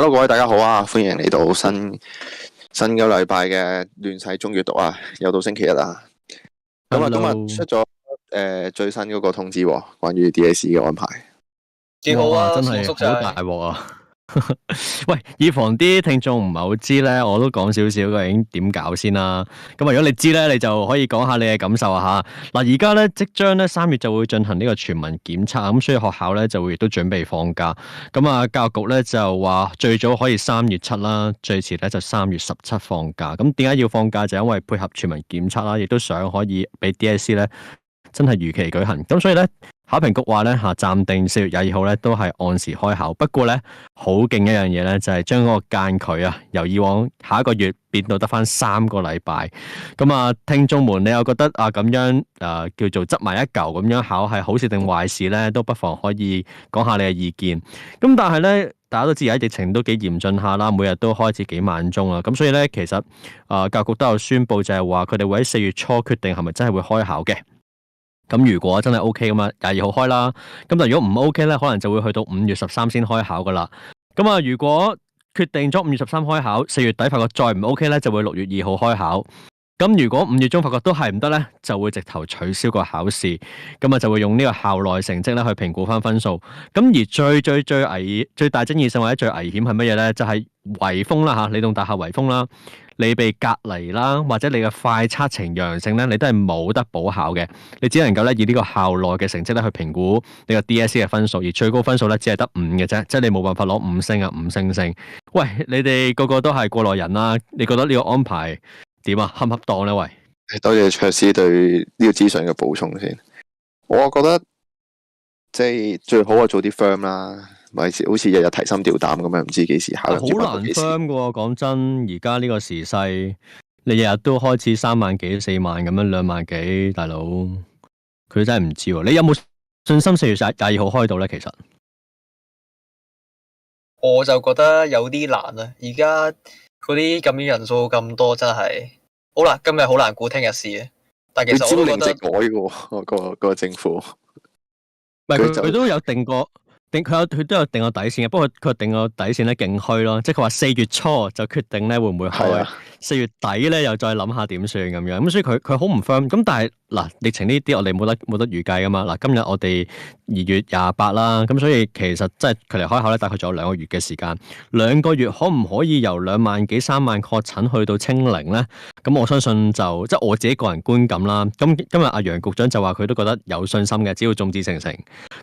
hello，各位大家好啊，歡迎嚟到新新嘅禮拜嘅亂世中閱讀啊，又到星期日啦。咁啊 Hello.，今日出咗誒最新嗰個通知、哦，關於 DSE 嘅安排，幾好啊，真係好大鑊喂， 以防啲聽眾唔係好知咧，我都講少少究竟點搞先啦。咁啊，如果你知咧，你就可以講下你嘅感受啊吓。嗱，而家咧即將咧三月就會進行呢個全民檢測。咁所以學校咧就會亦都準備放假。咁啊，教育局咧就話最早可以三月七啦，最遲咧就三月十七放假。咁點解要放假？就因為配合全民檢測啦，亦都想可以俾 DSE 咧真係如期舉行。咁所以咧。考評局話咧吓，暫、啊、定四月廿二號咧都係按時開考。不過咧好勁一樣嘢咧，就係將嗰個間距啊，由以往下一個月變到得翻三個禮拜。咁啊，聽眾們，你又覺得啊咁樣誒、啊、叫做執埋一嚿咁樣考係好事定壞事咧？都不妨可以講下你嘅意見。咁、啊、但係咧，大家都知而家疫情都幾嚴峻下啦，每日都開始幾萬宗啊。咁所以咧，其實啊，教育局都有宣布就，就係話佢哋會喺四月初決定係咪真係會開考嘅。咁如果真係 O K 咁啊，廿二號開啦。咁但如果唔 O K 咧，可能就會去到五月十三先開考噶啦。咁啊，如果決定咗五月十三開考，四月底發覺再唔 O K 咧，就會六月二號開考。咁如果五月中發覺都係唔得咧，就會直頭取消個考試。咁啊，就會用呢個校內成績咧去評估翻分數。咁而最最最危最大爭議性或者最危險係乜嘢咧？就係、是、圍封啦吓，你棟大廈圍封啦。你被隔離啦，或者你嘅快測呈陽性咧，你都係冇得補考嘅，你只能夠咧以呢個校內嘅成績咧去評估你個 DSE 嘅分數，而最高分數咧只係得五嘅啫，即係你冇辦法攞五星啊，五星星。喂，你哋個個都係過來人啦，你覺得呢個安排點啊？恰唔恰當咧？喂，多謝卓師對呢個資訊嘅補充先。我覺得即係最好啊，做啲 firm 啦。咪好似日日提心吊膽咁樣！唔知幾時考。好難商嘅，講真，而家呢個時勢，你日日都開始三萬幾、四萬咁樣兩萬幾，大佬佢真係唔知喎。你有冇信心四月十廿二號開到咧？其實我就覺得有啲難啊！而家嗰啲感染人數咁多，真係好啦。今日好難估，聽日事嘅。但其實佢先零值改嘅喎，啊嗰個、嗰個政府。唔係佢，佢就都有定過。定佢有佢都有定個底線嘅，不過佢定個底線咧勁虛咯，即係佢話四月初就決定咧會唔會開，四月底咧又再諗下點算咁樣，咁、嗯、所以佢佢好唔 firm。咁但係嗱，疫情呢啲我哋冇得冇得預計噶嘛。嗱，今日我哋二月廿八啦，咁所以其實即係距離開口咧，大概仲有兩個月嘅時間。兩個月可唔可以由兩萬幾三萬確診去到清零咧？咁我相信就即係我自己個人觀感啦。咁今日阿、啊、楊局長就話佢都覺得有信心嘅，只要眾志成城。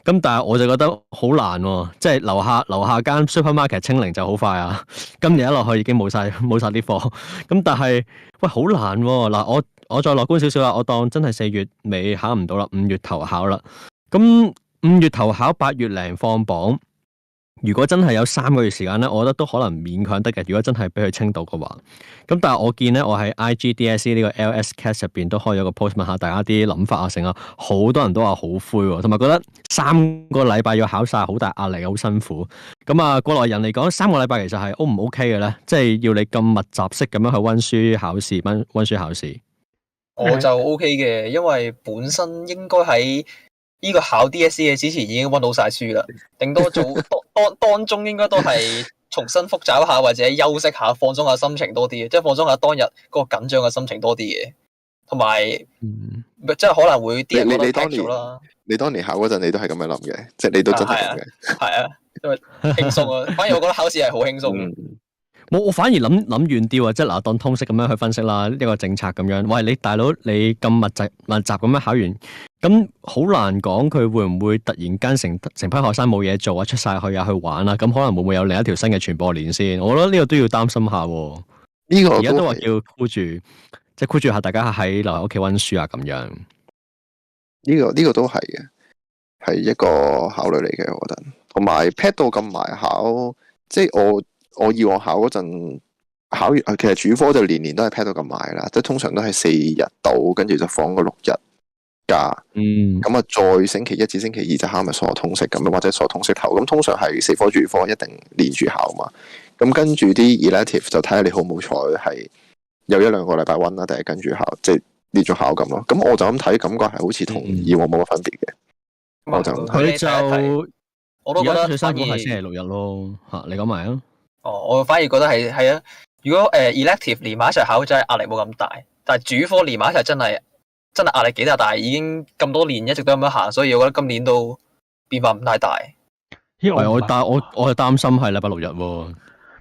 咁但係我就覺得好。好難，即係樓下樓下間 supermarket 清零就好快啊！今年一落去已經冇晒冇晒啲貨咁，但係喂好難嗱，我我再樂觀少少啦，我當真係四月尾考唔到啦，五月頭考啦，咁五月頭考八月零放榜。如果真係有三個月時間咧，我覺得都可能勉強得嘅。如果真係俾佢清到嘅話，咁但係我見咧，我喺 IG DSE 呢個 LS class 入邊都開咗個 post 問下大家啲諗法啊，成啊，好多人都話好灰喎，同埋覺得三個禮拜要考晒，好大壓力好辛苦。咁、嗯、啊，過來人嚟講三個禮拜其實係 O 唔 OK 嘅咧？即係要你咁密集式咁樣去温書考試、温温書考試，我就 OK 嘅，因為本身應該喺。呢個考 DSE 嘅之前已經温到晒書啦，頂多做當當當中應該都係重新複習一下，或者休息下、放鬆下心情多啲嘅，即係放鬆下當日嗰個緊張嘅心情多啲嘅，同埋、嗯、即係可能會啲你人覺得 r 啦。你當年考嗰陣，你都係咁樣諗嘅，即、就、係、是、你都真係嘅，係啊，因為輕鬆啊。啊就是、 反而我覺得考試係好輕鬆嘅。我反而諗諗遠啲啊，即係嗱，當通識咁樣去分析啦，呢、這個政策咁樣。餵！你大佬你咁密集密集咁樣考完。咁好難講，佢會唔會突然間成成批學生冇嘢做啊？出晒去啊，去玩啦！咁、嗯、可能會唔會有另一條新嘅傳播鏈先？我覺得呢個都要擔心下、啊。呢個而家都話要箍住，即係箍住下大家喺留喺屋企温書啊、這個，咁樣、這個。呢個呢個都係嘅，係一個考慮嚟嘅。我覺得同埋 pad 度咁埋考，即係我我以往考嗰陣考完，其實主科就年年都係 pad 度咁埋啦，即係通常都係四日到，跟住就放個六日。嗯，咁啊，再星期一至星期二就考咪數通識咁樣，或者數通識頭咁，通常係四科主科一定連住考嘛。咁跟住啲 elective 就睇下你好唔好彩係有一兩個禮拜溫啦，定係跟住考，即係連咗考咁咯。咁我就咁睇，感覺係好似同以往冇乜分別嘅。佢，嗯就，哎，就，我都覺得最辛苦係星期六日咯。吓、啊，你講埋啊。哦，我反而覺得係係啊。如果誒，uh, elective 連埋一齊考，真係壓力冇咁大。但係主科連埋一齊真係。真係壓力幾大，但係已經咁多年一直都咁樣行，所以我覺得今年都變化唔太大。因為我但我我係擔心係禮拜六日喎、啊。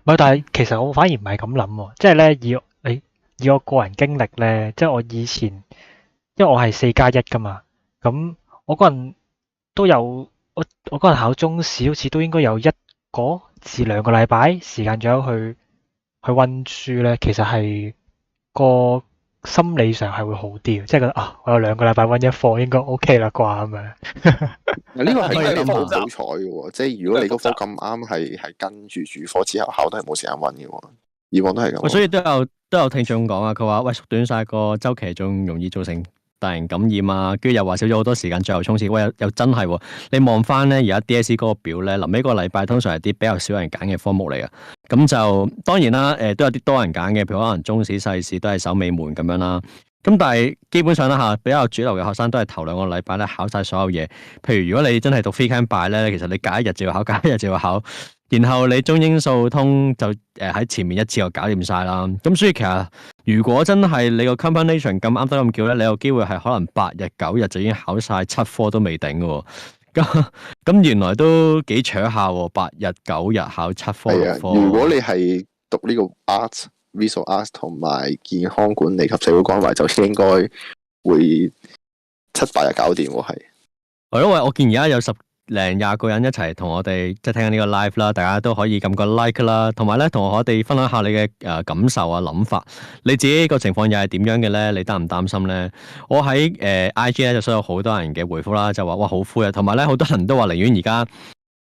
唔係，但係其實我反而唔係咁諗喎，即係咧以你、哎、以，我，、就是、我，以我，我個人經歷咧，即係我以前因為我係四加一噶嘛，咁我嗰陣都有我我嗰陣考中試，好似都應該有一個至兩個禮拜時間，左右去去温書咧。其實係個。心理上係會好啲，即係覺得啊，我有兩個禮拜溫一科，應該 OK 啦啩咁樣。呢 個係真係好彩嘅喎，即係如果你個科咁啱係係跟住主科之後考都係冇時間溫嘅喎，以往都係咁。所以都有都有聽眾講啊，佢話喂，縮短晒個周期仲容易造成。大型感染啊，跟住又話少咗好多時間，最後衝刺。喂，又，又真係喎，啊！你望翻咧，而家 DSE 嗰個表咧，臨尾一個禮拜通常係啲比較少人揀嘅科目嚟嘅。咁就當然啦，誒、呃、都有啲多人揀嘅，譬如可能中史、世史都係守尾門咁樣啦，啊。咁但係基本上咧，啊、嚇，比較主流嘅學生都係頭兩個禮拜咧考晒所有嘢。譬如如果你真係讀 Phy Chem Bio 咧，其實你隔一日就要考，隔一日就要考。然後你中英數通就誒喺前面一次就搞掂晒啦，咁所以其實如果真係你個 combination 咁啱得咁叫咧，你有機會係可能八日九日就已經考晒七科都未頂嘅，咁 原來都幾搶下喎，八日九日考七科六科。如果你係讀呢個 art visual art 同埋健康管理及社會關懷，就應該會七八日搞掂係。係咯， 我見而家有十。零廿個人一齊同我哋即係聽緊呢個 live 啦，大家都可以撳個 like 啦，同埋咧同我哋分享下你嘅誒感受啊、諗法，你自己個情況又係點樣嘅咧？你擔唔擔心咧？我喺誒、呃、IG 咧就收到好多人嘅回覆啦，就話哇好灰啊，同埋咧好多人都話寧願而家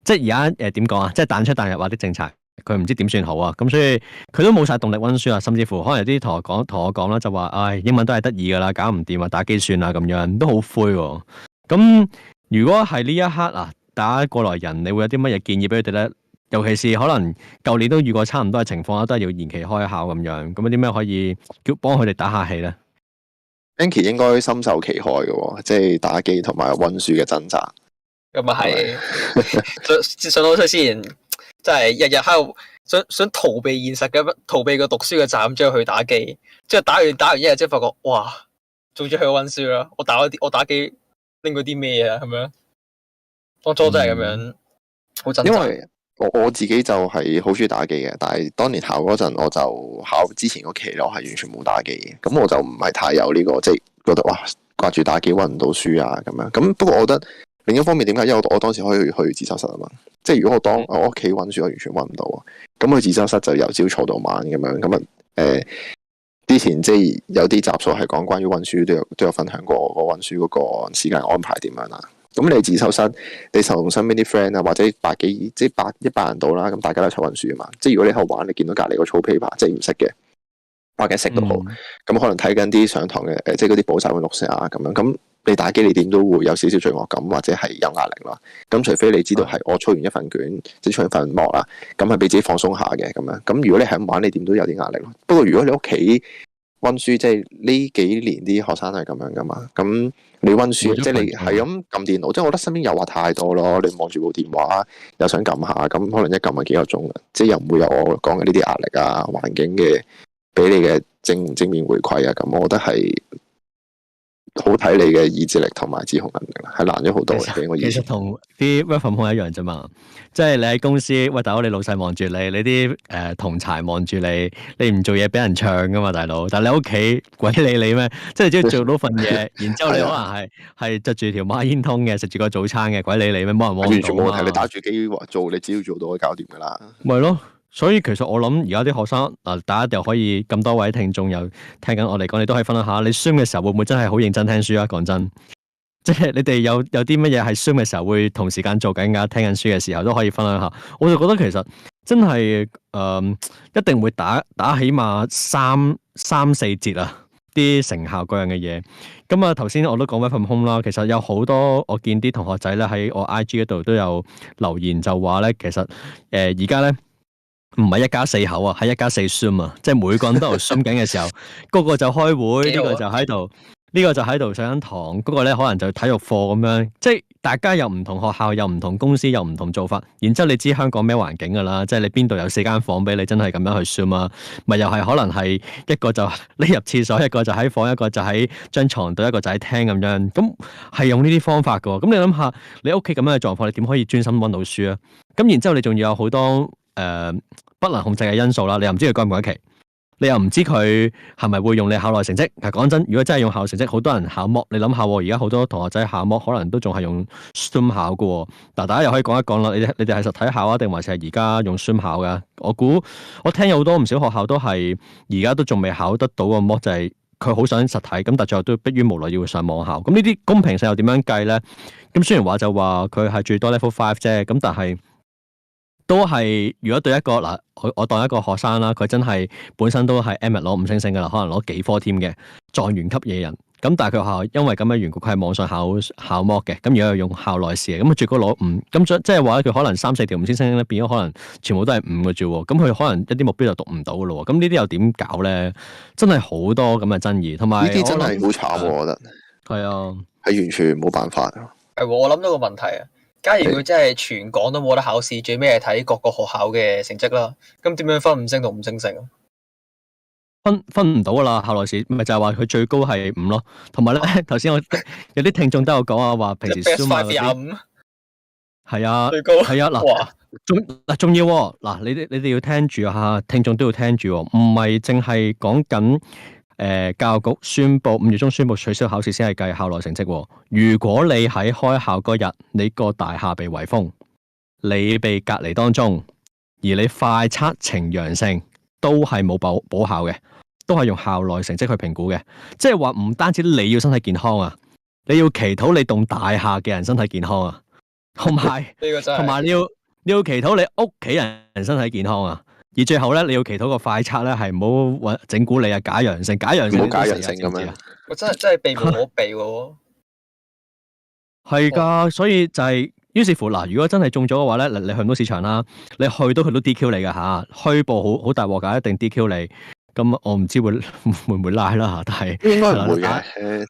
即係而家誒點講啊，即係彈出彈入啊啲政策，佢唔知點算好啊，咁所以佢都冇晒動力温書啊，甚至乎可能有啲同學同我講同我講啦，就話唉、哎、英文都係得意噶啦，搞唔掂啊，打機算啊，咁樣，都好灰喎、啊，咁。如果係呢一刻啊，大家過來人，你會有啲乜嘢建議俾佢哋咧？尤其是可能舊年都遇過差唔多嘅情況啦，都係要延期開考咁樣。咁有啲咩可以叫幫佢哋打下氣咧？Ankie 應該深受其害嘅、哦，即係打機同埋温書嘅掙扎。咁啊係，上到出先，即係日日喺度想想逃避現實嘅，逃避個讀書嘅責，咁之後去打機，之後打完打完一日，即係發覺哇，終於去温書啦！我打我打機。拎過啲咩啊？咁樣當初真係咁樣，好真，嗯。因為我我自己就係好中意打機嘅，但係當年考嗰陣，我就考之前個期咧，我係完全冇打機嘅。咁我就唔係太有呢、呢個，即、就、係、是、覺得哇，掛住打機溫唔到書啊咁樣。咁不過我覺得另一方面，點解因為我我當時可以去自修室啊嘛。即係如果我當、嗯、我屋企溫書，我完全溫唔到啊。咁去自修室就由朝坐到晚咁樣。咁啊誒。呃之前即係有啲集數係講關於溫書，都有都有分享過個溫書嗰個時間安排點樣啦。咁你自修室，你受身邊啲 friend 啊，或者百幾即係百一百人度啦，咁大家都一齊溫書啊嘛。即係如果你喺度玩，你見到隔籬個草皮牌即係唔識嘅，或者識都好，咁、嗯、可能睇緊啲上堂嘅誒，即係嗰啲補習嘅老師啊，咁樣咁。你打機，你點都會有少少罪惡感或者係有壓力咯。咁除非你知道係我出完，嗯，完一份卷，即出完份幕啦，咁係俾自己放鬆下嘅咁樣。咁如果你係咁玩，你點都有啲壓力咯。不過如果你屋企溫書，即係呢幾年啲學生係咁樣噶嘛。咁你溫書即係你係咁撳電腦，即係我覺得身邊誘惑太多咯。你望住部電話又想撳下，咁可能一撳係幾個鐘，即係又唔會有我講嘅呢啲壓力啊環境嘅俾你嘅正正面回饋啊咁，我覺得係。好睇你嘅意志力同埋自控能力啦，係難咗好多嘅。其實同啲 work from home 一樣啫嘛，即係你喺公司喂，大佬，你老細望住你，你啲誒、呃、同柴望住你，你唔做嘢俾人唱噶嘛，大佬。但係你喺屋企鬼理你咩？即係只要做到份嘢，然之後你可能係係執住條孖煙通嘅，食住個早餐嘅，鬼理你咩？冇人望，啊。完全冇你打住機話做，你只要做到，可以搞掂噶啦。咪咯。所以其實我諗而家啲學生啊，大家就可以咁多位聽眾又聽緊我嚟講，你都可以分享下你 Zoom 嘅時候會唔會真係好認真聽書啊？講真，即係你哋有有啲乜嘢係 Zoom 嘅時候會同時間做緊噶，聽緊書嘅時候都可以分享下。我就覺得其實真係誒、呃，一定會打打起碼三三四節啊，啲成效各樣嘅嘢。咁、嗯、啊，頭先我都講 from home 啦，其實有好多我見啲同學仔咧喺我 I G 嗰度都有留言就話咧，其實誒而家咧。呃唔係一家四口啊，係一家四 zoom 啊，即係每個人都喺度 zoom 緊嘅時候，嗰 個就開會，呢 個就喺度，呢、這個就喺度上緊堂，嗰、這個咧可能就體育課咁樣，即係大家又唔同學校，又唔同公司，又唔同做法，然之後你知香港咩環境噶啦，即係你邊度有四間房俾你真係咁樣去 zoom 啊，咪又係可能係一個就匿入廁所，一個就喺房，一個就喺張床度，一個就喺廳咁樣，咁係用呢啲方法噶，咁你諗下你屋企咁樣嘅狀況，你點可以專心温到書啊？咁然之後你仲要有好多。誒、呃，不能控制嘅因素啦，你又唔知佢改唔改期，你又唔知佢係咪會用你校內成績。但講真，如果真係用校內成績，好多人考模，你諗下，而家好多同學仔考模，可能都仲係用 Zoom 考噶。嗱，大家又可以講一講啦。你你哋係實體考啊，定還是係而家用 Zoom 考噶？我估我聽有好多唔少學校都係而家都仲未考得到個模，就係佢好想實體，咁但最後都逼於無奈要上網考。咁呢啲公平性又點樣計咧？咁雖然話就話佢係最多 Level Five 啫，咁但係。都係，如果對一個嗱，我我當一個學生啦，佢真係本身都係 m 攞五星星嘅啦，可能攞幾科添嘅狀元級野人，咁但係佢學校，因為咁樣緣故，佢係網上考考 mock 嘅，咁如果家用校內試，咁啊最高攞五，咁即即係話佢可能三四條五星星咧，變咗可能全部都係五嘅啫，咁佢可能一啲目標就讀唔到嘅咯，咁呢啲又點搞咧？真係好多咁嘅爭議，同埋呢啲真係好慘，能 uh, 我覺得係啊，係、uh, 完全冇辦法。係、uh, 我諗到個問題啊！假如佢真係全港都冇得考試，最尾係睇各個學校嘅成績啦。咁點樣分五星同五星星？分分唔到 啦，校內試咪就係話佢最高係五咯。同埋咧，頭先我有啲聽眾都有講啊，話平時都係五。係啊，最高係啊嗱，仲嗱仲要嗱，你哋你哋要聽住啊，聽眾都要聽住，唔係淨係講緊。誒、呃，教育局宣布五月中宣布取消考試，先係計校內成績，哦。如果你喺開考嗰日，你個大廈被圍封，你被隔離當中，而你快測呈陽性，都係冇保補考嘅，都係用校內成績去評估嘅。即係話唔單止你要身體健康啊，你要祈禱你棟大廈嘅人身體健康啊，同埋同埋你要祈禱你屋企人人身體健康啊。而最後咧，你要祈禱個快測咧，係唔好搵整蠱你啊！假陽性，假陽性假陽性咁樣，我真係真係避無可避喎。係噶、啊， 所以就係、是，於是乎嗱，如果真係中咗嘅話咧，你去唔到市場啦，你去到佢都,都 DQ 你噶吓，虛報好好大鑊噶，一定 DQ 你。咁我唔知會會唔會拉啦吓，但係應該唔會嘅。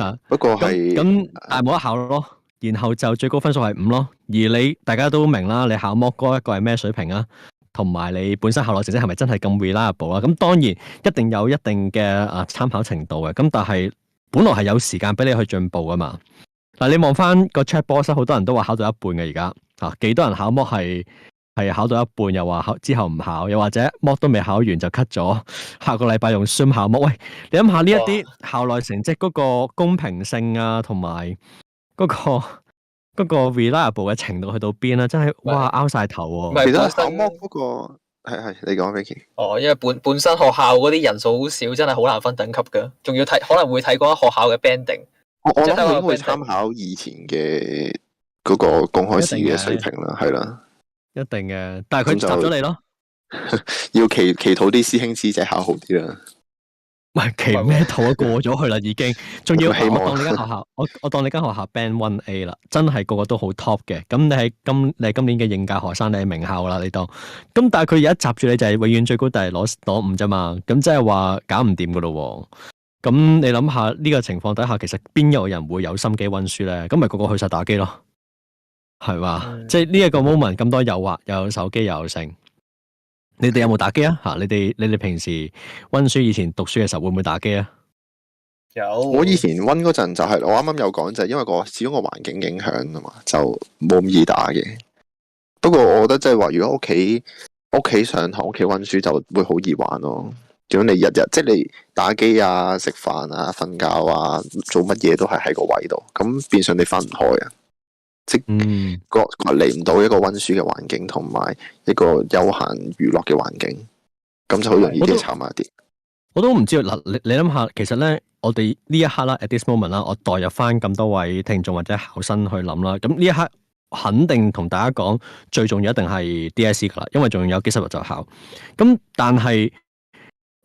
啊、不過係咁、啊啊啊，但係冇得考咯。然後就最高分數係五咯。而你大家都明啦，你考摩哥一個係咩水平啊？同埋你本身校內成績係咪真係咁 reliable 啊？咁當然一定有一定嘅啊參考程度嘅。咁但係本來係有時間俾你去進步噶嘛。嗱，你望翻個 check box，好多人都話考到一半嘅而家吓，幾、啊、多人考模係係考到一半，又話考之後唔考，又或者模都未考完就 cut 咗，下個禮拜用 Zoom 考模。喂，你諗下呢一啲校內成績嗰個公平性啊，同埋嗰個。嗰個 reliable 嘅程度去到邊啦、啊？真係哇拗晒頭喎、啊！唔係，本身嗰個係係你講，Vicky 哦，因為本本身學校嗰啲人數好少，真係好難分等級㗎，仲要睇可能會睇嗰個學校嘅 banding 我。Ending，我我諗會參考以前嘅嗰個公開試嘅水平啦，係啦的，一定嘅。但係佢插咗你咯， 要祈祈禱啲師兄師姐考好啲啦。唔係，奇咩圖都過咗去啦，已經了了，仲 要我當你間學校， 我我當你間學校 Band One A 啦，真係個個都好 top 嘅，咁你喺今你係今年嘅應屆學生，你係名校啦，你當，咁但係佢而家閘住你就係、是、永遠最高，就係攞攞五啫嘛，咁即係話搞唔掂噶咯，咁你諗下呢個情況底下，其實邊有人會有心機溫書咧？咁、那、咪個個去晒打機咯，係嘛？ 即係呢一個 moment 咁多誘惑，又有手機，又有剩。你哋有冇打機啊？吓，你哋你哋平時溫書以前讀書嘅時候會唔會打機啊？有，我以前溫嗰陣就係我啱啱有講就係，因為始終個始終個環境影響啊嘛，就冇咁易打嘅。不過我覺得即係話，如果屋企屋企上堂、屋企溫書就會好易玩咯。如果你日日即係、就是、你打機啊、食飯啊、瞓覺啊、做乜嘢都係喺個位度，咁變相你分唔開啊。即係嚟唔到一個溫書嘅環境，同埋一個休閒娛樂嘅環境，咁就好容易嘅慘埋啲。我都唔知道嗱，你你諗下，其實咧，我哋呢一刻啦，at this moment 啦，我代入翻咁多位聽眾或者考生去諗啦，咁呢一刻肯定同大家講，最重要一定係 DSE 噶啦，因為仲有幾十日就考。咁但係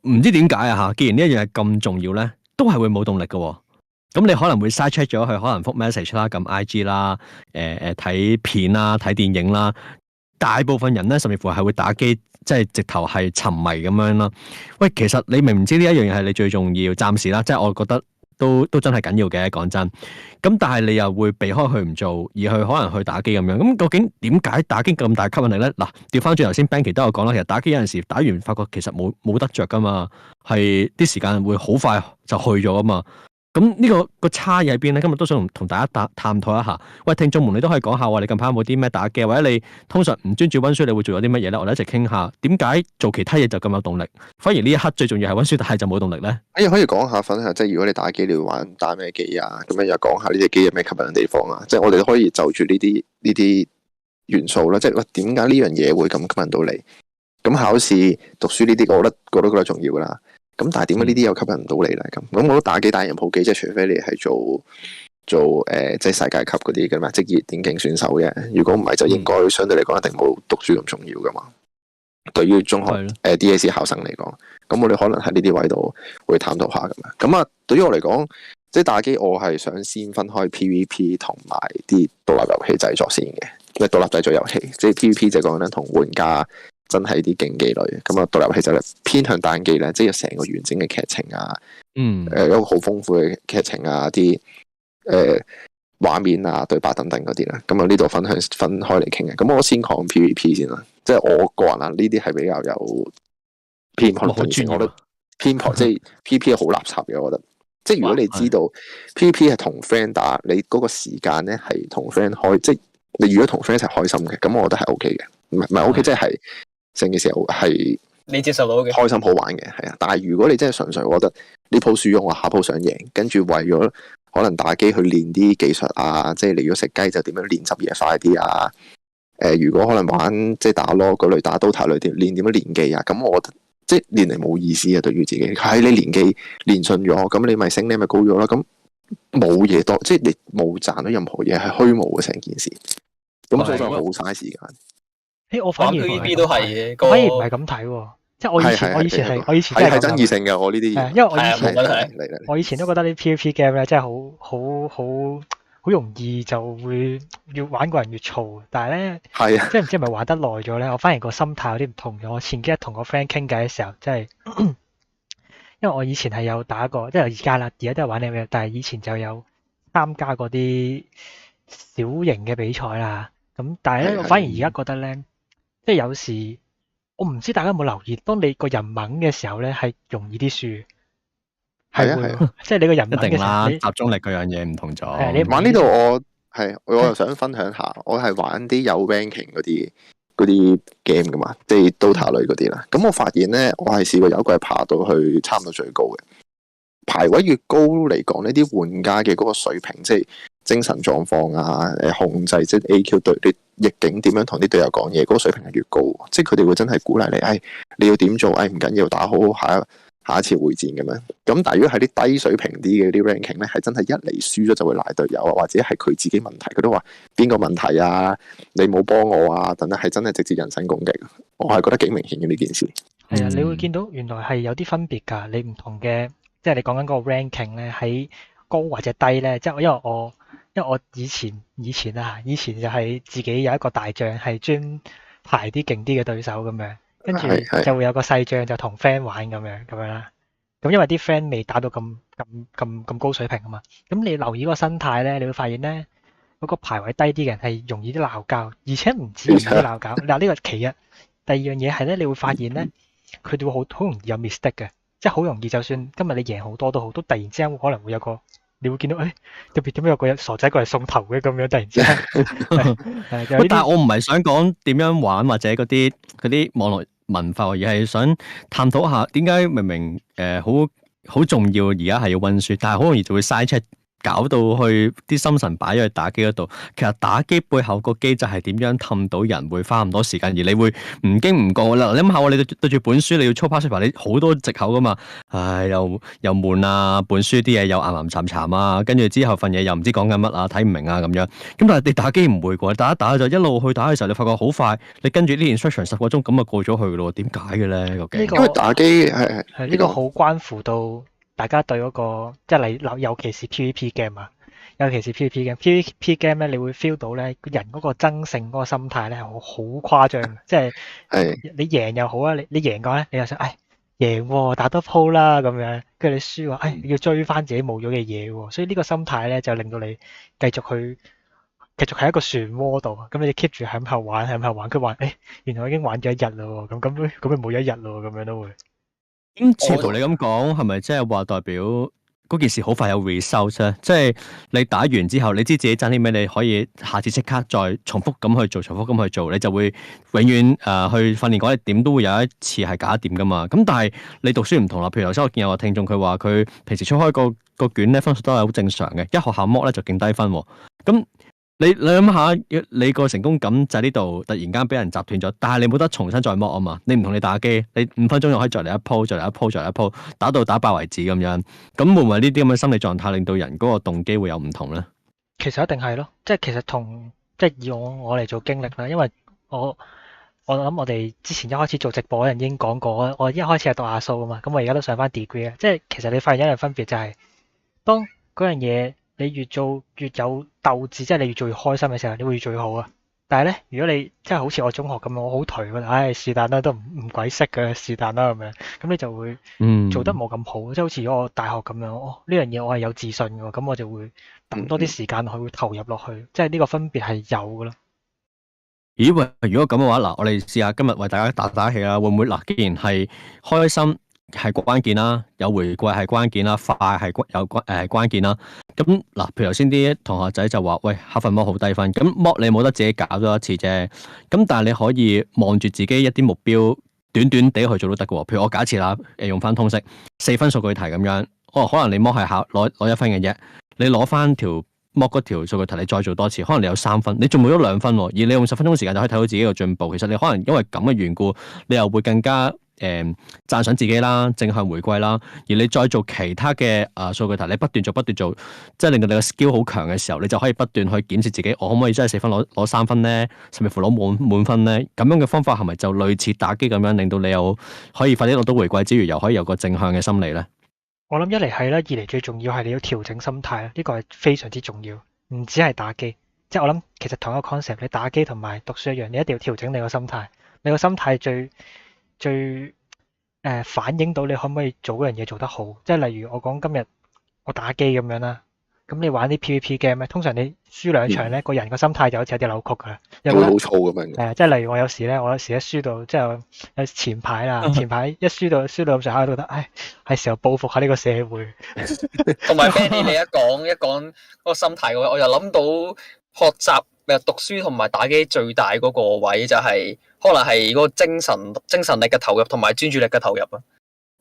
唔知點解啊？吓，既然呢一樣咁重要咧，都係會冇動力噶、哦。咁你可能會嘥 check 咗佢，可能覆 message 啦，撳 IG 啦，誒誒睇片啦，睇電影啦。大部分人咧，甚至乎係會打機，即係直頭係沉迷咁樣啦。喂，其實你明唔知呢一樣嘢係你最重要，暫時啦，即係我覺得都都真係緊要嘅，講真。咁但係你又會避開佢唔做，而去可能去打機咁樣。咁究竟點解打機咁大吸引力咧？嗱，掉返轉頭先，Ben 奇都有講啦，其實打機有陣時打完，發覺其實冇冇得着㗎嘛，係啲時間會好快就去咗啊嘛。咁呢個個差異喺邊咧？今日都想同大家探探討一下。喂，聽眾們，你都可以講下，你近排有冇啲咩打機，或者你通常唔專注溫書，你會做咗啲乜嘢咧？我哋一齊傾下，點解做其他嘢就咁有動力，反而呢一刻最重要係溫書，但係就冇動力咧？可以可以講下分享，即係如果你打機，你會玩打咩機啊？咁樣又講下呢隻機有咩吸引嘅地方啊？即係我哋都可以就住呢啲呢啲元素啦。即係喂，點解呢樣嘢會咁吸引到你？咁考試、讀書呢啲，我覺得我覺得都重要啦。咁但係點解呢啲又吸引唔到你咧？咁咁、嗯、我都打機打人普機，即係除非你係做做誒、呃、即係世界級嗰啲嘅嘛職業電競選手嘅。如果唔係，就應該、嗯、相對嚟講一定冇讀書咁重要噶嘛。對於中學誒 DSE 考生嚟講，咁我哋可能喺呢啲位度會探討下咁樣。咁啊，對於我嚟講，即係打機，我係想先分開 P V P 同埋啲獨立遊戲製作先嘅，咩獨立製作遊戲，即係 P V P 就講緊同玩家。真係啲競技類，咁啊獨立遊戲就偏向單機咧，即係有成個完整嘅劇情啊，誒一個好豐富嘅劇情啊，啲誒畫面啊、對白等等嗰啲啦。咁啊呢度分享分開嚟傾嘅。咁我先講 PVP 先啦，即係我個人啊，呢啲係比較有偏頗嘅，我覺得偏頗即係 PVP 好垃圾嘅，我覺得。即係如果你知道 PVP 係同 friend 打，你嗰個時間咧係同 friend 開，即係你如果同 friend 一齊開心嘅，咁我覺得係 O K 嘅，唔係 O K，即係係。成嘅時候係你接受到嘅開心好玩嘅係啊，但係如果你真係純粹，我覺得呢鋪輸咗，下鋪想贏，跟住為咗可能打機去練啲技術啊，即係嚟咗食雞就點樣練習嘢快啲啊？誒、呃，如果可能玩即係打咯嗰類打 DOTA 類，練點樣練技啊？咁我覺得即係練嚟冇意思啊，對於自己係、哎、你練技練順咗，咁你咪升，你咪高咗啦。咁冇嘢多，即係你冇賺到任何嘢，係虛無嘅成件事。咁所以好嘥時間。哦我反而呢啲都係，嘢，反而唔係咁睇喎，即係我以前我以前係我以前係爭議性嘅，我呢啲，因為我以前我以前都覺得啲 PVP game 咧，即係好好好好容易就會越玩個人越燥，但係咧，係啊，即係唔知係咪玩得耐咗咧？我反而個心態有啲唔同咗。我前幾日同個 friend 傾偈嘅時候，真係，因為我以前係有打過，即係而家啦，而家都係玩呢樣，但係以前就有參加嗰啲小型嘅比賽啦。咁但係咧，我反而而家覺得咧。即係有時，我唔知大家有冇留意，當你個人猛嘅時候咧，係容易啲輸。係啊，係啊，即係你個人一定時集中力嗰樣嘢唔同咗。玩呢度我係，我又想分享下，我係玩啲有 ranking 嗰啲嗰啲 game 噶嘛，即係 Dota 類嗰啲啦。咁我發現咧，我係試過有一個爬到去差唔多最高嘅。排位越高嚟講，呢啲玩家嘅嗰個水平即係。精神狀況啊，誒控制即係 AQ 對啲逆境點樣同啲隊友講嘢，嗰、那個水平係越高，即係佢哋會真係鼓勵你，誒、哎、你要點做，誒唔緊要打好下下一次會戰咁樣。咁但係如果係啲低水平啲嘅啲 ranking 咧，係真係一嚟輸咗就會賴隊友啊，或者係佢自己問題，佢都話邊個問題啊？你冇幫我啊？等等係真係直接人身攻擊。我係覺得幾明顯嘅呢件事。係啊，你會見到原來係有啲分別㗎。你唔同嘅，即係你講緊嗰個 ranking 咧，喺高或者低咧，即係因為我。因為我以前以前啊，以前就係自己有一個大將，係專排啲勁啲嘅對手咁樣，跟住就會有個細將就同 friend 玩，咁樣咁樣啦。咁因為啲 friend 未打到咁咁咁咁高水平啊嘛。咁你留意嗰個心態咧，你會發現咧，嗰、嗰個排位低啲嘅人係容易啲鬧交，而且唔止鬧交。嗱呢 個其一啊。第二樣嘢係咧，你會發現咧，佢哋會好好容易有 mistake 嘅，即係好容易，就算今日你贏好多都好，都突然之間可能會有個。你會見到誒，特別點解有個人傻仔過嚟送頭嘅咁樣，突然之間。間 但係我唔係想講點樣玩或者嗰啲嗰啲網絡文化而，而係想探討下點解明明誒好好重要，而家係要溫書，但係好容易就會嘥出。搞到去啲心神擺咗去打機嗰度，其實打機背後個機就係點樣氹到人會花咁多時間，而你會唔經唔覺啦。諗下，你對對住本書，你要操 past paper 你好多藉口噶嘛。唉，又又悶啊，本書啲嘢又暗暗沉沉啊，跟住之後份嘢又唔知講緊乜啊，睇唔明啊咁樣。咁但係你打機唔會啩？打一打就一路去打嘅時候，你發覺好快，你跟住呢件 s h 十個鐘咁啊過咗去㗎咯。點解嘅咧？呢個因為打機係係呢個好關乎到。呢個呢個大家對嗰、嗰個即係例如尤其是 PVP game 啊，尤其是 PVP game，PVP game 咧 game, game，你會 feel 到咧人嗰個爭勝嗰個心態咧係好誇張，即係你贏又好啊，你你贏過咧，你又想誒贏打多鋪啦咁樣，跟住你輸話誒要追翻自己冇咗嘅嘢喎，所以呢個心態咧就令到你繼續去繼續喺一個漩渦度，啊。咁你 keep 住喺度玩喺度玩，佢話誒原來已經玩咗一日咯，咁咁咁咪冇一日咯，咁樣都會。咁，似乎你咁講，係咪即係話代表嗰件事好快有 result 咧？即係你打完之後，你知自己爭啲咩，你可以下次即刻再重複咁去做，重複咁去做，你就會永遠誒、呃、去訓練嗰一點，都會有一次係搞掂噶嘛。咁但係你讀書唔同啦，譬如頭先我見有個聽眾佢話，佢平時出開個個卷咧分數都係好正常嘅，一學校摸咧就勁低分，哦。咁、嗯你你諗下，你個成功感就喺呢度，突然間俾人截斷咗，但係你冇得重新再搏啊嘛。你唔同你打機，你五分鐘又可以再嚟一鋪，再嚟一鋪，再嚟一鋪，打到打爆為止咁樣。咁會唔會呢啲咁嘅心理狀態，令到人嗰個動機會有唔同咧？其實一定係咯，即係其實同即係以我嚟做經歷啦。因為我我諗我哋之前一開始做直播人已經講過，我我一開始係讀亞數噶嘛，咁我而家都上翻 degree 啊。即係其實你發現一樣分別就係，當嗰樣嘢。你越做越有鬥志，即係你越做越開心嘅時候，你會越做越好啊！但係咧，如果你即係好似我中學咁樣，我好頹㗎，唉，是但啦，都唔唔鬼識嘅，是但啦咁樣，咁，嗯，你就會做得冇咁好，即係好似我大學咁樣，哦，呢樣嘢我係有自信㗎，咁我就會等多啲時間去會投入落去，即係呢個分別係有㗎咯。咦？如果咁嘅話，嗱，我哋試下今日為大家打打氣啊，會唔會嗱？既然係開心。係關鍵啦，有回歸係關鍵啦，快係有關誒關鍵啦。咁嗱，譬如頭先啲同學仔就話，喂，黑份 mock 好低分，咁 mock 你冇得自己搞多一次啫。咁但係你可以望住自己一啲目標，短短地去做都得嘅。譬如我假設啦，誒用翻通識四分數據題咁樣，我、哦、可能你 mock 係考攞攞一分嘅啫，你攞翻條 mock 嗰條數據題，你再做多次，可能你有三分，你仲冇咗兩分，啊。而你用十分鐘時間就可以睇到自己嘅進步。其實你可能因為咁嘅緣故，你又會更加。誒、嗯、讚賞自己啦，正向回歸啦。而你再做其他嘅啊數據題，你不斷做不斷做，即係令到你嘅 skill 好強嘅時候，你就可以不斷去檢視自己，我可唔可以真係四分攞攞三分呢？甚至乎攞滿滿分呢？咁樣嘅方法係咪就類似打機咁樣，令到你又可以快啲攞到回歸之餘，又可以有個正向嘅心理呢。我諗一嚟係啦，二嚟最重要係你要調整心態呢、呢個係非常之重要，唔止係打機。即係我諗其實同一個 concept，你打機同埋讀書一樣，你一定要調整你個心態。你個心態最。最誒、呃、反映到你可唔可以做嗰樣嘢做得好，即係例如我講今日我打機咁樣啦，咁你玩啲 PVP game 咧，通常你輸兩場咧，嗯、個人個心態就好似有啲扭曲噶，有冇好燥咁樣？係啊、呃，即係例如我有時咧，我有時一輸到即係前排啦，嗯、前排一輸到輸到咁上下，都覺得唉係時候報復下呢個社會。同埋 Bandy 你一講一講嗰個心態，我又諗到學習。咪讀書同埋打機最大嗰個位就係可能係個精神精神力嘅投入同埋專注力嘅投入啊。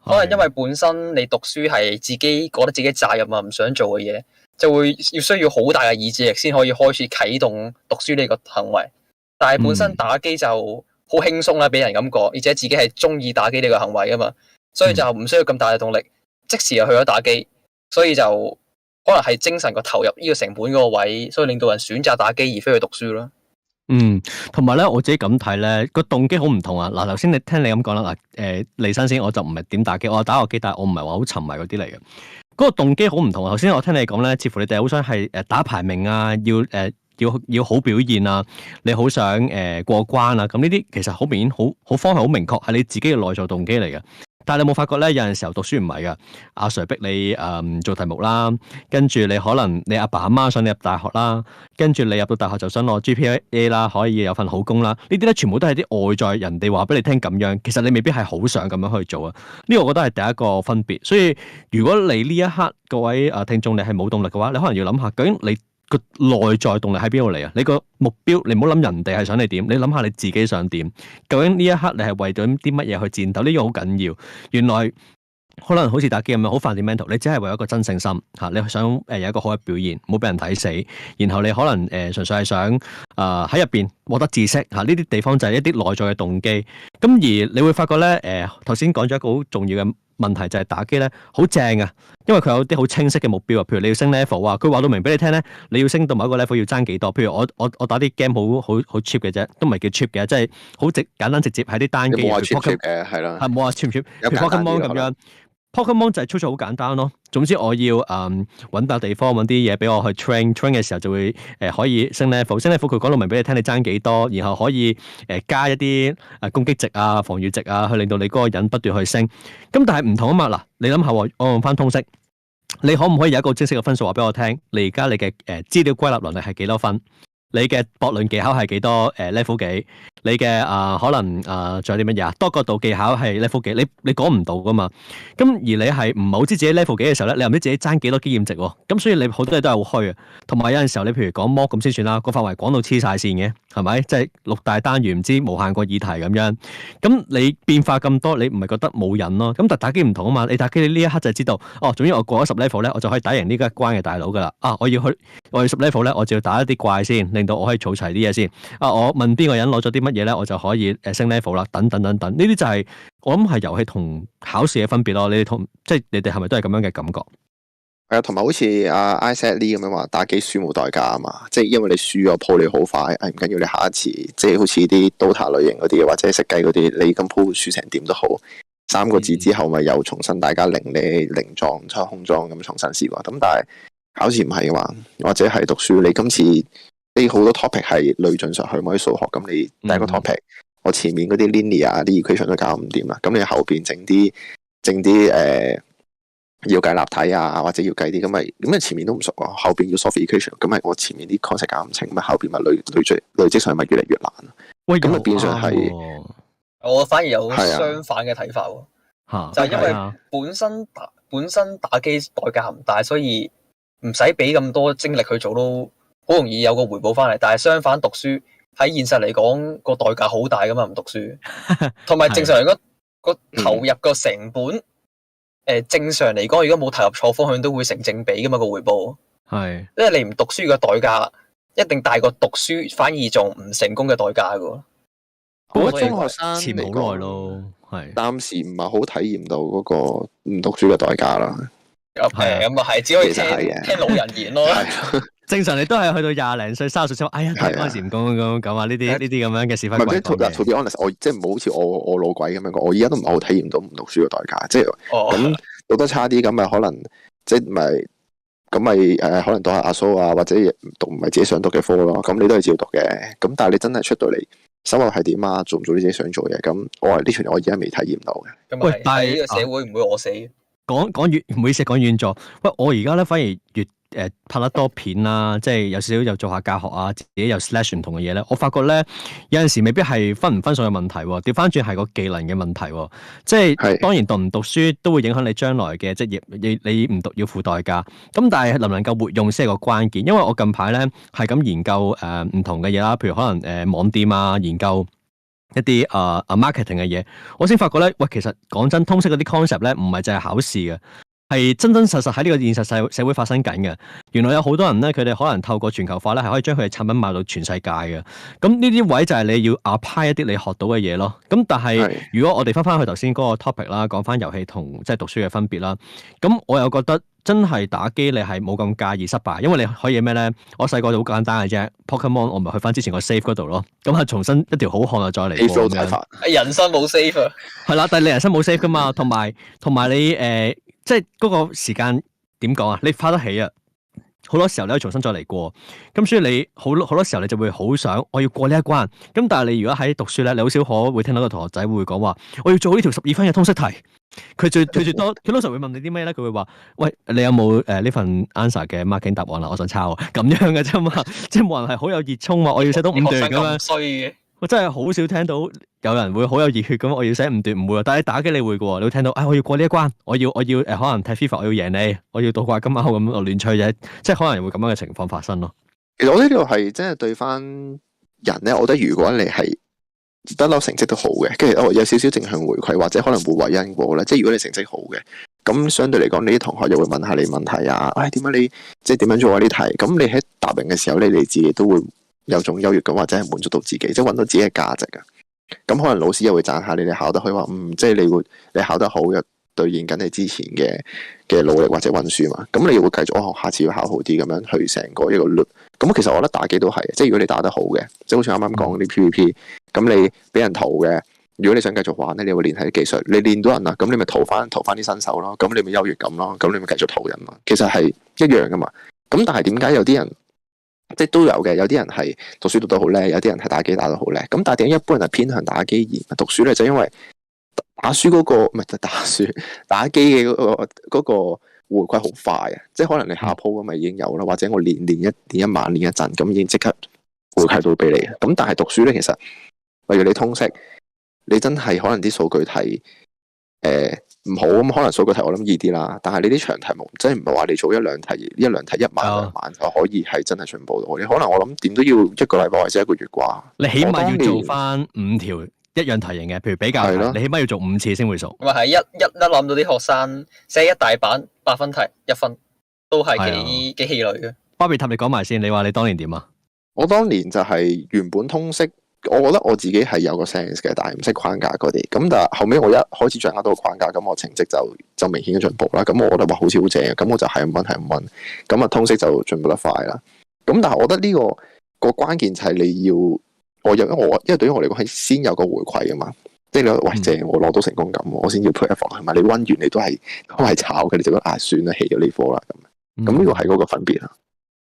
可能因為本身你讀書係自己覺得自己責任啊、唔想做嘅嘢，就會要需要好大嘅意志力先可以開始啟動讀書呢個行為。但係本身打機就好輕鬆啦，俾人感覺，而且自己係中意打機呢個行為啊嘛，所以就唔需要咁大嘅動力，即時就去咗打機，所以就。可能係精神個投入呢個成本嗰個位，所以令到人選擇打機而非去讀書咯。嗯，同埋咧，我自己咁睇咧，個動機好唔同啊。嗱，頭先你聽你咁講啦，嗱、呃，誒，李生先，我就唔係點打機，我打過機，但係我唔係話好沉迷嗰啲嚟嘅。嗰、那個動機好唔同、啊。頭先我聽你講咧，似乎你哋好想係誒打排名啊，要誒、呃、要要好表現啊，你好想誒、呃、過關啊。咁呢啲其實好明顯，好好方向好明確，係你自己嘅內在動機嚟嘅。但係你有冇發覺咧？有陣時候讀書唔係㗎，阿 Sir 逼你誒做題目啦，跟住你可能你阿爸阿媽想你入大學啦，跟住你入到大學就想攞 GPA 啦，可以有份好工啦。呢啲咧全部都係啲外在，人哋話俾你聽咁樣，其實你未必係好想咁樣去做啊。呢個我覺得係第一個分別。所以如果你呢一刻各位誒聽眾你係冇動力嘅話，你可能要諗下究竟你個內在動力喺邊度嚟啊？你個目標，你唔好諗人哋係想你點，你諗下你自己想點。究竟呢一刻你係為咗啲乜嘢去戰鬥？呢樣好緊要。原來可能好似打機咁樣，好 fundamental。你只係為一個真性心吓、啊，你想誒有一個好嘅表現，唔好俾人睇死。然後你可能誒純、呃、粹係想啊喺入邊獲得知識吓，呢、啊、啲地方就係一啲內在嘅動機。咁而你會發覺咧，誒頭先講咗一個好重要嘅。問題就係打機咧，好正啊！因為佢有啲好清晰嘅目標啊，譬如你要升 level 啊，佢話到明俾你聽咧，你要升到某一個 level 要爭幾多。譬如我我我打啲 game 好好好 cheap 嘅啫，都唔係叫 cheap 嘅，即係好直簡單直接喺啲單機。冇話 cheap 嘅，係咯。係冇話 cheap 唔 cheap，譬如咁樣。Pokemon 就係操作好簡單咯，總之我要誒搵、嗯、到地方搵啲嘢俾我去 train train 嘅時候就會誒、呃、可以升 level，升 level 佢講到明俾你聽你爭幾多，然後可以誒、呃、加一啲誒攻擊值啊防禦值啊去令到你嗰個人不斷去升。咁但係唔同啊嘛，嗱你諗下我我用翻通識，你可唔可以有一個正式嘅分數話俾我聽？你而家你嘅誒資料歸納能力係幾多分？你嘅駁論技巧係幾多誒 level 幾？呃你嘅誒、呃、可能誒仲、呃、有啲乜嘢啊？多角度技巧係 level 幾？你你講唔到噶嘛？咁而你係唔好知自己 level 幾嘅時候咧？你又唔知自己爭幾多經驗值喎、哦？咁所以你好多嘢都係好虛啊！同埋有陣時候你譬如講魔咁先算啦，個範圍廣到黐晒線嘅，係咪？即係六大單元唔知無限個議題咁樣。咁你變化咁多，你唔係覺得冇癮咯？咁但打機唔同啊嘛！你打機你呢一刻就知道，哦，總之我過咗十 level 咧，我就可以打贏呢關嘅大佬噶啦。啊，我要去，我要十 level 咧，我就要打一啲怪先，令到我可以儲齊啲嘢先。啊，我問邊個人攞咗啲乜嘢咧，我就可以誒升 level 啦，等等等等。呢啲就係、是、我諗係遊戲同考試嘅分別咯。你哋同即係你哋係咪都係咁樣嘅感覺？係啊，同埋好似阿 Iset 呢咁樣話，打機輸冇代價啊嘛。即係因為你輸啊，鋪你好快，係、哎、唔緊要，你下一次即係好似啲 Dota 類型嗰啲或者食雞嗰啲，你咁鋪輸成點都好，三個字之後咪又重新大家零零裝出空裝咁重新試過。咁但係考試唔係嘅話，或者係讀書，你今次。啲好多 topic 係累進上去，冇啲數學。咁你第一個 topic，嗯、我前面嗰啲 linear 啊啲 equation 都搞唔掂啊。咁你後邊整啲整啲誒要計立體啊，或者要計啲咁咪，咁你前面都唔熟喎。後邊要 sophistication 咁咪我前面啲 concept 搞唔清，咪後邊咪累累累積上咪越嚟越難。咁咪喂變相係，啊、我反而有相反嘅睇法喎。啊、就係因為本身打本身打機代價唔大，所以唔使俾咁多精力去做都。好容易有個回報翻嚟，但係相反，讀書喺現實嚟講個代價好大噶嘛，唔讀書，同埋正常嚟講個投入個成本，誒、呃、正常嚟講，如果冇投入錯方向，都會成正比噶嘛個回報。係的，因為你唔讀書嘅代價一定大過讀書，反而仲唔成功嘅代價噶喎。好多中學生潛好耐咯，係，暫時唔係好體驗到嗰個唔讀書嘅代價啦。係咁啊，係、okay，就是，只可以聽聽老人言咯。 正常你都係去到廿零歲、三十歲，哎呀，嗰陣時唔工咁咁啊，呢啲呢啲咁樣嘅是非貴嘅。唔係即係，我即係唔好，好似我我老鬼咁樣講，我而家都唔係好體驗到唔讀書嘅代價。即係咁讀得差啲，咁咪可能即係咪咁咪誒？可能讀下阿蘇啊，或者讀唔係自己想讀嘅科咯。咁你都係照讀嘅。咁但係你真係出到嚟，收入係點啊？做唔做你自己想做嘅？咁我話呢條，我而家未體驗到嘅。喂，但係呢個社會唔會餓死。講講越，唔好意思，講遠咗。喂，我而家咧反而越。誒，拍得多片啦，啊，即係有少少又做下教學啊，自己又 slash 唔同嘅嘢咧。我發覺咧，有陣時未必係分唔分數嘅問題，啊，調翻轉係個技能嘅問題，啊。即係是當然讀唔讀書都會影響你將來嘅職業，你你唔讀要付代價。咁但係能唔能夠活用先係個關鍵。因為我近排咧係咁研究誒唔，呃、同嘅嘢啦，譬如可能誒，呃、網店啊，研究一啲誒 marketing 嘅嘢，我先發覺咧，喂，其實講真，通識嗰啲 concept 咧，唔係淨係考試嘅。係真真實實喺呢個現實世社會發生緊嘅。原來有好多人咧，佢哋可能透過全球化咧，係可以將佢嘅產品賣到全世界嘅。咁呢啲位就係你要 apply 一啲你學到嘅嘢咯。咁但係的如果我哋翻翻去頭先嗰個 topic 啦，講翻遊戲同即係讀書嘅分別啦。咁我又覺得真係打機你係冇咁介意失敗，因為你可以咩咧？我細個好簡單嘅啫，Pokemon 我咪去翻之前個 save 嗰度咯。咁啊，重新一條好漢啊，再嚟。的。樣人生冇 save。係啦，但係你人生冇 save 噶嘛？同埋同埋你誒。呃即係嗰個時間點講啊，你花得起啊，好多時候你可以重新再嚟過。咁所以你好多好多時候你就會好想我要過呢一關。咁但係你如果喺讀書咧，你好少可會聽到個同學仔會講話，我要做好呢條十二分嘅通識題。佢最佢最多佢通常會問你啲咩咧？佢會話：喂，你有冇誒呢份 answer 嘅 marking 答案啦、啊？我想抄咁樣嘅啫嘛， 即係冇人係好有熱衷話 我要寫到五段咁樣。我真係好少聽到有人會好有熱血咁，我要寫唔斷唔會，但係打機你會嘅，你會聽到，哎，我要過呢一關，我要我要誒、呃，可能踢 FIFA，我要贏你，我要倒掛今晚後咁亂吹啫，即係可能會咁樣嘅情況發生咯。其實我呢度係真係對翻人咧，我覺得如果你係得到成績都好嘅，跟住有少少正向回饋，或者可能會委因過咧。即係如果你成績好嘅，咁相對嚟講，你啲同學又會問下你問題啊，唉、哎，點解、啊、你即係點樣做我、啊、啲題，咁你喺答名嘅時候，你你自己都會有種優越感或者係滿足到自己，即係揾到自己嘅價值啊！咁可能老師又會讚下你，你考得去話，嗯，即係你會你考得好又對應緊你之前嘅嘅努力或者運輸嘛。咁你又會繼續哦，下次要考好啲咁樣，去成個一個 l 咁，其實我覺得打機都係，即係如果你打得好嘅，即係好似啱啱講嗰啲 PVP，咁你俾人逃嘅，如果你想繼續玩咧，你會練係啲技術，你練到人啦，咁你咪逃翻逃翻啲新手咯，咁你咪優越感咯，咁你咪繼續逃人咯。其實係一樣噶嘛。咁但係點解有啲人？即係都有嘅，有啲人係讀書讀得好叻，有啲人係打機打得好叻。咁但係點解一般人係偏向打機而讀書咧，就因為打書嗰個唔係打書，打機嘅嗰個嗰個回饋好快啊！即係可能你下鋪咁咪已經有啦，或者我練練一練一晚練一陣，咁已經即刻回饋到俾你。咁但係讀書咧，其實例如你通識，你真係可能啲數據係。誒，唔、呃、好咁，可能數學題我諗易啲啦。但係呢啲長題目，即係唔係話你做一兩題，一兩題一晚兩晚就可以係真係進步到。你可能我諗點都要一個禮拜或者一個月啩。你起碼要做翻，五條一樣題型嘅，譬如比較題你起碼要做五次先會熟。咁啊係一一一諗到啲學生寫一大版八分題一分，都係幾幾氣餒嘅。巴別塔你講埋先，你話你當年點啊？我當年就係原本通識。我覺得我自己係有個 sense 嘅，但係唔識框架嗰啲。咁但係後尾我一開始掌握到個框架，咁我成績就就明顯嘅進步啦。咁我就話好似好正，咁我就係咁溫係咁溫。咁啊通識就進步得快啦。咁但係我覺得呢個個關鍵就係你要我，我因為我因為對於我嚟講係先有個回饋啊嘛。即係你話喂正，我攞到成功感，我先要配一房，係咪？你溫完你都係都係炒嘅，你就講啊算啦，棄咗呢科啦咁。咁呢、嗯、個係嗰個分別啊。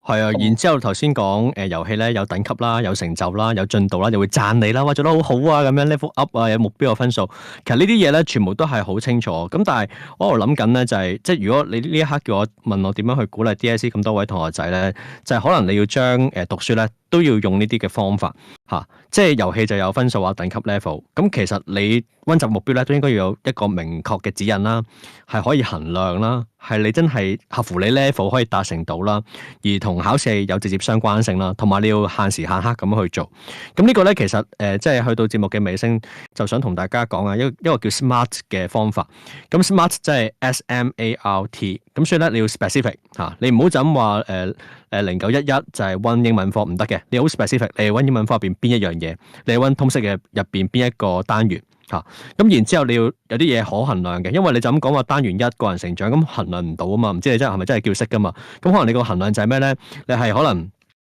係啊，然之後頭先講誒遊戲咧有等級啦，有成就啦，有進度啦，就會讚你啦，哇，做得好好啊，咁樣 level up 啊，有目標嘅分數。其實呢啲嘢咧，全部都係好清楚。咁但係我喺度諗緊咧，就係、是、即係如果你呢一刻叫我問我點樣去鼓勵 DSE 咁多位同學仔咧，就係、是、可能你要將誒、呃、讀書咧都要用呢啲嘅方法吓、啊，即係遊戲就有分數啊，等級 level、嗯。咁其實你溫習目標咧都應該要有一個明確嘅指引啦，係可以衡量啦。係你真係合乎你 level 可以達成到啦，而同考試有直接相關性啦，同埋你要限時限刻咁樣去做。咁呢個咧其實誒即係去到節目嘅尾聲，就想同大家講啊，一一個叫 smart 嘅方法。咁 smart 即係 S M A R T。咁所以咧你要 specific 嚇、啊，你唔好、呃、就咁話誒誒零九一一就係溫英文科唔得嘅，你好 specific，你係溫英文科入邊邊一樣嘢，你係溫通識嘅入邊邊一個單元。吓，咁、啊、然之後你要有啲嘢可衡量嘅，因為你就咁講話單元一個人成長咁衡量唔到啊嘛，唔知你真係係咪真係叫識噶嘛？咁可能你個衡量就係咩咧？你係可能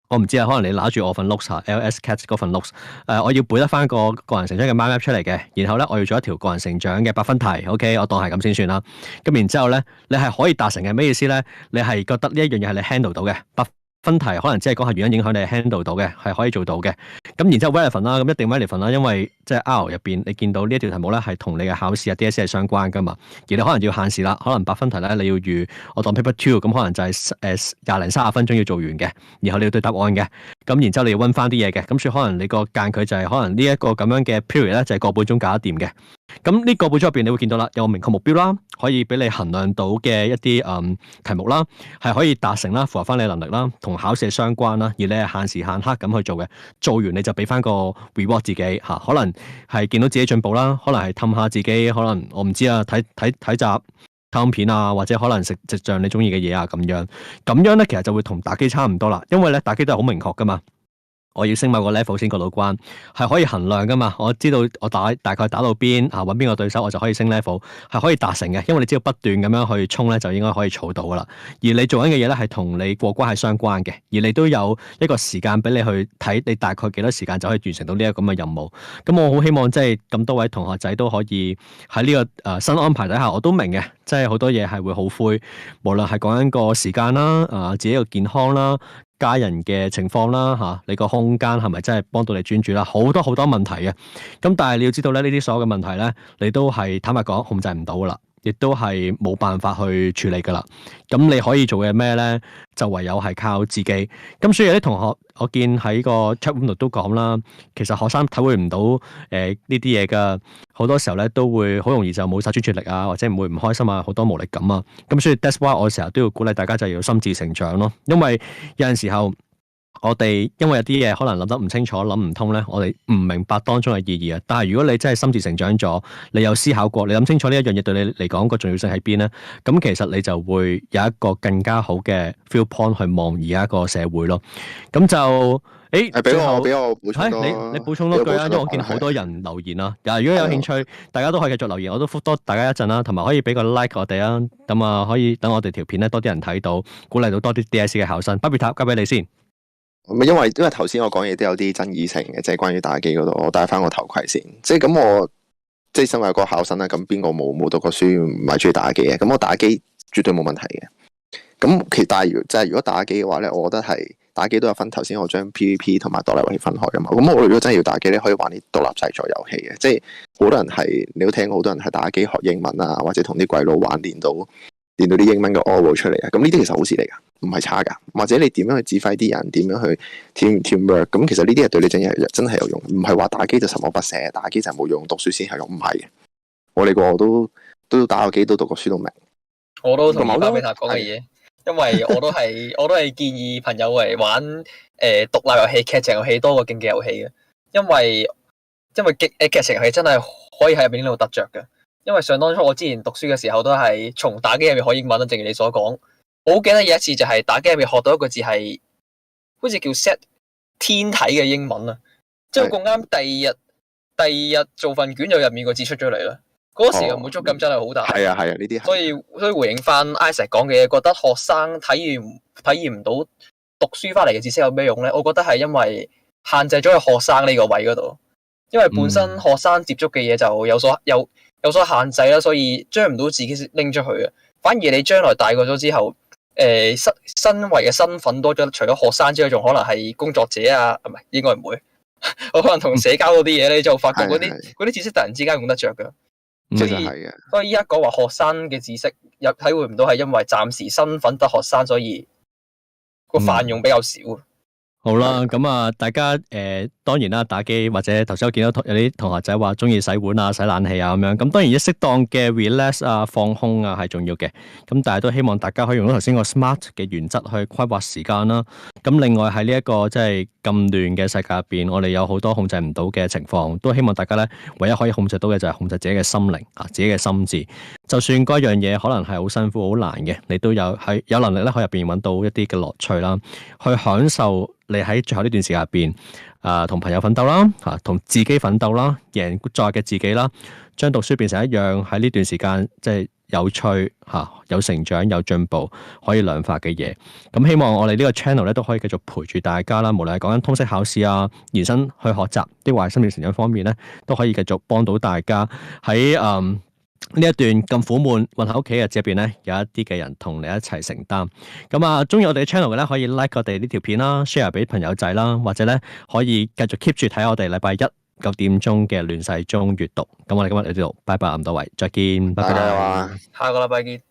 我唔知啊，可能你拿住我份 l o o k s 啊，LS cats 嗰份 l o o k s 誒、呃，我要背得翻個個人成長嘅 mind map 出嚟嘅，然後咧我要做一條個人成長嘅百分題，OK，我當係咁先算啦。咁然之後咧，你係可以達成嘅咩意思咧？你係覺得呢一樣嘢係你 handle 到嘅分題可能即係講下原因影響你 handle 到嘅，係可以做到嘅。咁然之後 relevant 啦，咁一定 relevant 啦，因為即係 L 入邊你見到呢一條題目咧，係同你嘅考試啊 DSE 係相關噶嘛。而你可能要限時啦，可能八分題咧你要預我當 paper two，咁可能就係誒廿零三十分鐘要做完嘅，然後你要對答案嘅。咁然之後你要溫翻啲嘢嘅，咁所以可能你個間隔就係可能呢一個咁樣嘅 period 咧就係個半鐘搞得掂嘅。咁呢本書入邊，你會見到啦，有個明確目標啦，可以俾你衡量到嘅一啲誒、嗯、題目啦，係可以達成啦，符合翻你能力啦，同考試相關啦，而你係限時限刻咁去做嘅，做完你就俾翻個 reward 自己吓，可能係見到自己進步啦，可能係氹下自己，可能我唔知啊，睇睇睇集卡通片啊，或者可能食食像你中意嘅嘢啊咁樣，咁樣呢其實就會同打機差唔多啦，因為呢打機都係好明確㗎嘛。我要升某個 level 先過到關，係可以衡量噶嘛？我知道我打大概打到邊啊，揾邊個對手，我就可以升 level，係可以達成嘅。因為你只要不斷咁樣去衝咧，就應該可以儲到噶啦。而你做緊嘅嘢咧，係同你過關係相關嘅，而你都有一個時間俾你去睇，你大概幾多時間就可以完成到呢一個咁嘅任務。咁我好希望即係咁多位同學仔都可以喺呢、這個誒、呃、新安排底下，我都明嘅，即係好多嘢係會好灰，無論係講緊個時間啦，啊、呃，自己個健康啦。家人嘅情況啦，吓你個空間係咪真係幫到你專注啦？好多好多問題嘅，咁但係你要知道咧，呢啲所有嘅問題咧，你都係坦白講控制唔到㗎喇。亦都係冇辦法去處理㗎啦。咁你可以做嘅咩咧？就唯有係靠自己。咁所以有啲同學，我見喺個 chat room 度都講啦。其實學生體會唔到誒呢啲嘢㗎，好多時候咧都會好容易就冇曬專注力啊，或者唔會唔開心啊，好多無力感啊。咁所以 that's why 我成日都要鼓勵大家就要心智成長咯，因為有陣時候。我哋因為有啲嘢可能諗得唔清楚、諗唔通咧，我哋唔明白當中嘅意義啊。但係如果你真係心智成長咗，你有思考過，你諗清楚呢一樣嘢對你嚟講個重要性喺邊咧？咁其實你就會有一個更加好嘅 viewpoint 去望而家個社會咯。咁就誒，俾我俾我，係後、哎、你你補充多句啊，句因為我見好多人留言啊。嗱的，如果有興趣，的大家都可以繼續留言，我都覆多大家一陣啦。同埋可以俾個 like 我哋啊，咁啊可以等我哋條片咧多啲人睇到，鼓勵到多啲 DSE 嘅考生。巴別塔交俾你先。咁啊，因為因為頭先我講嘢都有啲爭議性嘅，即係關於打機嗰度，我戴翻個頭盔先。即係咁，我即係身為一個考生啦，咁邊個冇冇讀過書，唔係中意打機嘅？咁我打機絕對冇問題嘅。咁其實但係，即係如果打機嘅話咧，我覺得係打機都有分。頭先我將 PVP 同埋獨立遊戲分開啊嘛。咁我如果真係要打機咧，可以玩啲獨立製作遊戲嘅。即係好多人係，你都聽過，好多人係打機學英文啊，或者同啲鬼佬玩練到。見到啲英文嘅 all out 出嚟啊！咁呢啲其實好事嚟噶，唔係差噶。或者你點樣去指揮啲人，點樣去 team, team work？咁其實呢啲係對你真係真係有用，唔係話打機就十惡不赦，打機就冇用，讀書先係用，唔係嘅。我哋個個都都打過機，都讀過書，都明。我都同我都講嘢，因為我都係 我都係建議朋友嚟玩誒、呃、獨立遊戲、劇情遊戲多過競技遊戲嘅，因為因為競劇情遊戲真係可以喺入邊度得着嘅，因為上當初我之前讀書嘅時候都係從打機入面學英文啦，正如你所講，我好記得有一次就係打機入面學到一個字係，好似叫 set 天體嘅英文啊。是即係咁啱第二日第二日做份卷就入面個字出咗嚟啦，嗰、哦、時嘅滿足感真係好大。係啊係啊，呢啲、啊啊啊、所以所以回應翻 i s e 講嘅嘢，覺得學生體驗體驗唔到讀書翻嚟嘅知識有咩用咧？我覺得係因為限制咗喺學生呢個位嗰度，因為本身學生接觸嘅嘢就有所有。有有所限制啦，所以將唔到自己拎出去嘅。反而你將來大個咗之後，誒、呃、身身為嘅身份多咗，除咗學生之外，仲可能係工作者啊，唔係，應該唔會。我可能同社交嗰啲嘢咧，嗯、就發覺嗰啲啲知識突然之間用得着嘅。的所以，所以依家講話學生嘅知識又體會唔到，係因為暫時身份得學生，所以個泛用比較少。好啦，咁、嗯、啊，大家誒、呃，當然啦，打機或者頭先我見到有啲同學仔話中意洗碗啊、洗冷氣啊咁樣，咁、嗯、當然一適當嘅 relax 啊、放空啊係重要嘅，咁但係都希望大家可以用到頭先個 smart 嘅原則去規劃時間啦。咁、嗯、另外喺呢一個即係咁亂嘅世界入邊，我哋有好多控制唔到嘅情況，都希望大家咧，唯一可以控制到嘅就係控制自己嘅心靈啊，自己嘅心智。就算嗰樣嘢可能係好辛苦、好難嘅，你都有喺有能力咧，喺入邊揾到一啲嘅樂趣啦，去享受。你喺最後呢段時間入邊，啊、呃，同朋友奮鬥啦，嚇、啊，同自己奮鬥啦，贏在嘅自己啦，將讀書變成一樣喺呢段時間即係有趣嚇、啊、有成長、有進步可以量化嘅嘢。咁、嗯、希望我哋呢個 channel 咧都可以繼續陪住大家啦，無論係講緊通識考試啊、延伸去學習、啲話心智成長方面咧，都可以繼續幫到大家喺嗯。呢一段咁苦悶困喺屋企嘅日子入邊咧，有一啲嘅人同你一齊承擔。咁、嗯、啊，中意我哋 channel 嘅咧，可以 like 我哋呢條片啦 ，share 俾朋友仔啦，或者咧可以繼續 keep 住睇我哋禮拜一九點鐘嘅亂世中閱讀。咁我哋今日嚟呢度，拜拜，咁多位，再見，拜拜，下個禮拜見。